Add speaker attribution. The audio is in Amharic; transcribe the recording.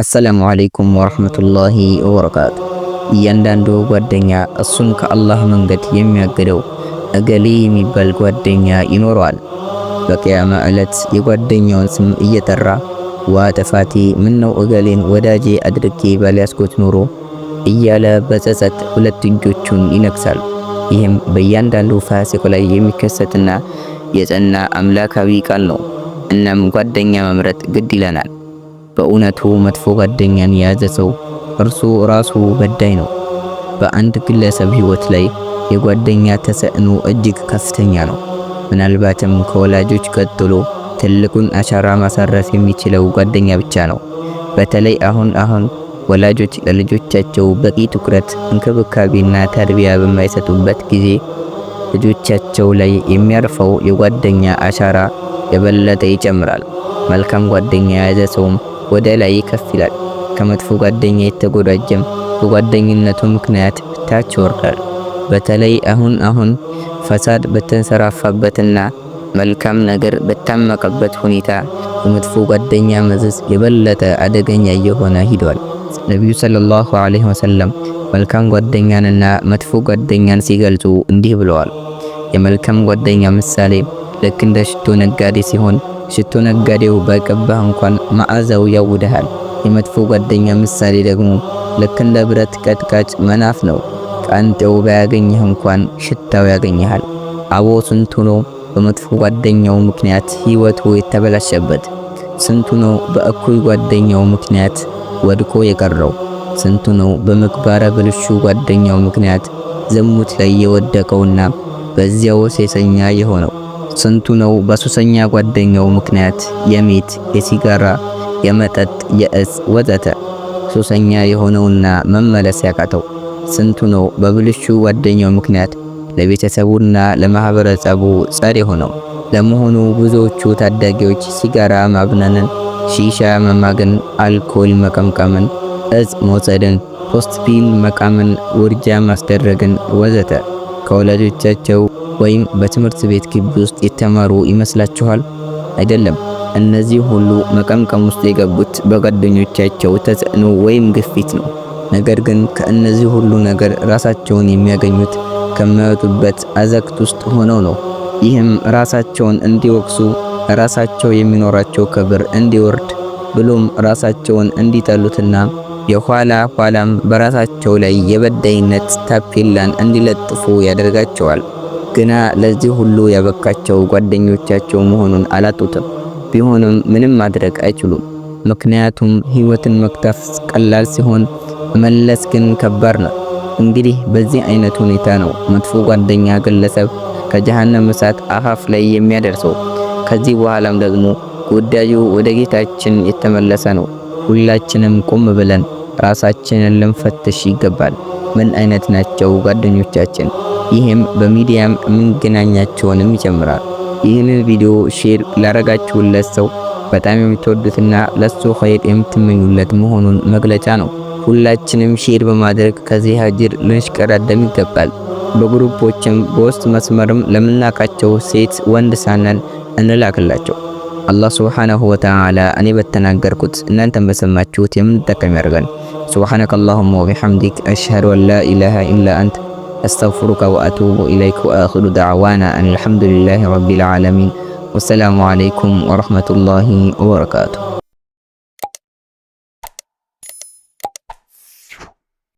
Speaker 1: አሰላሙ አለይኩም ወረህመቱላሂ ወበረካቱ። እያንዳንዱ ጓደኛ እሱን ከአላህ መንገድ የሚያግደው እገሌ የሚባል ጓደኛ ይኖረዋል። በቅያማ ዕለት የጓደኛውን ስም እየጠራ ዋ ጥፋቴ ምነው እገሌን ወዳጄ አድርጌ ባልያስኮት ኑሮ እያለ በጸጸት ሁለት እጆቹን ይነክሳል። ይህም በእያንዳንዱ ፋሲቅ ላይ የሚከሰትና የጸና አምላካዊ ቃል ነው። እናም ጓደኛ መምረጥ ግድ ይለናል። በእውነቱ መጥፎ ጓደኛን የያዘ ሰው እርሱ ራሱ በዳይ ነው። በአንድ ግለሰብ ህይወት ላይ የጓደኛ ተጽዕኖ እጅግ ከፍተኛ ነው። ምናልባትም ከወላጆች ቀጥሎ ትልቁን አሻራ ማሳረፍ የሚችለው ጓደኛ ብቻ ነው። በተለይ አሁን አሁን ወላጆች ለልጆቻቸው በቂ ትኩረት፣ እንክብካቤና ተርቢያ በማይሰጡበት ጊዜ ልጆቻቸው ላይ የሚያርፈው የጓደኛ አሻራ የበለጠ ይጨምራል። መልካም ጓደኛ የያዘ ሰውም ወደ ላይ ከፍ ይላል። ከመጥፎ ጓደኛ የተጎዳጀም በጓደኝነቱ ምክንያት ታች ይወርዳል። በተለይ አሁን አሁን ፈሳድ በተንሰራፋበትና መልካም ነገር በታመቀበት ሁኔታ የመጥፎ ጓደኛ መዘዝ የበለጠ አደገኛ እየሆነ ሂዷል። ነቢዩ ሰለላሁ ዐለይሂ ወሰለም መልካም ጓደኛንና መጥፎ ጓደኛን ሲገልጹ እንዲህ ብለዋል። የመልካም ጓደኛ ምሳሌ ልክ እንደ ሽቶ ነጋዴ ሲሆን ሽቶ ነጋዴው ባይቀባህ እንኳን መዓዛው ያውድሃል። የመጥፎ ጓደኛ ምሳሌ ደግሞ ልክ እንደ ብረት ቀጥቃጭ መናፍ ነው። ቀንጤው ባያገኝህ እንኳን ሽታው ያገኝሃል። አቦ ስንቱ ነው በመጥፎ ጓደኛው ምክንያት ሕይወቱ የተበላሸበት? ስንቱ ነው በእኩይ ጓደኛው ምክንያት ወድቆ የቀረው? ስንቱ ነው በምግባረ ብልሹ ጓደኛው ምክንያት ዝሙት ላይ የወደቀውና በዚያው ሴሰኛ የሆነው? ስንቱ ነው በሱሰኛ ጓደኛው ምክንያት የሜት፣ የሲጋራ፣ የመጠጥ፣ የእጽ ወዘተ ሱሰኛ የሆነውና መመለስ ያቃተው? ስንቱ ነው በብልሹ ጓደኛው ምክንያት ለቤተሰቡና ለማህበረሰቡ ጸር የሆነው? ለመሆኑ ብዙዎቹ ታዳጊዎች ሲጋራ ማብነንን፣ ሺሻ መማግን፣ አልኮል መቀምቀምን፣ እጽ መውሰድን፣ ፖስት ፒል መቃምን፣ ውርጃ ማስደረግን ወዘተ ከወላጆቻቸው ወይም በትምህርት ቤት ግቢ ውስጥ የተማሩ ይመስላችኋል? አይደለም። እነዚህ ሁሉ መቀምቀም ውስጥ የገቡት በጓደኞቻቸው ተጽዕኖ ወይም ግፊት ነው። ነገር ግን ከእነዚህ ሁሉ ነገር ራሳቸውን የሚያገኙት ከሚወጡበት አዘቅት ውስጥ ሆነው ነው። ይህም ራሳቸውን እንዲወቅሱ፣ ራሳቸው የሚኖራቸው ክብር እንዲወርድ፣ ብሎም ራሳቸውን እንዲጠሉትና የኋላ ኋላም በራሳቸው ላይ የበዳይነት ታፔላን እንዲለጥፉ ያደርጋቸዋል። ግና ለዚህ ሁሉ ያበቃቸው ጓደኞቻቸው መሆኑን አላጡትም። ቢሆንም ምንም ማድረግ አይችሉም። ምክንያቱም ህይወትን መክተፍ ቀላል ሲሆን መለስ ግን ከባድ ነው። እንግዲህ በዚህ አይነት ሁኔታ ነው መጥፎ ጓደኛ ግለሰብ ከጀሃነም እሳት አፋፍ ላይ የሚያደርሰው። ከዚህ በኋላም ደግሞ ጉዳዩ ወደ ጌታችን የተመለሰ ነው። ሁላችንም ቁም ብለን ራሳችንን ልንፈትሽ ይገባል። ምን አይነት ናቸው ጓደኞቻችን? ይህም በሚዲያም የምንገናኛቸውንም ይጨምራል። ይህንን ቪዲዮ ሼር ላረጋችሁለት ሰው በጣም የምትወዱትና ለሱ ኸይር የምትመኙለት መሆኑን መግለጫ ነው። ሁላችንም ሼር በማድረግ ከዚህ አጅር ልንሽቀዳደም ይገባል። በግሩፖችም በውስጥ መስመርም ለምናቃቸው ሴት ወንድ ሳናን እንላክላቸው። አላህ ሱብሓነሁ ወተዓላ እኔ በተናገርኩት እናንተን በሰማችሁት የምንጠቀም ያደርገን። ስብሓነከ አላሁመ ወቢሐምዲክ አሽሀዱ አን ላ ኢላሃ ኢላ አንተ أستغفرك وأتوب إليك وآخر دعوانا أن الحمد لله رب العالمين والسلام عليكم ورحمة الله وبركاته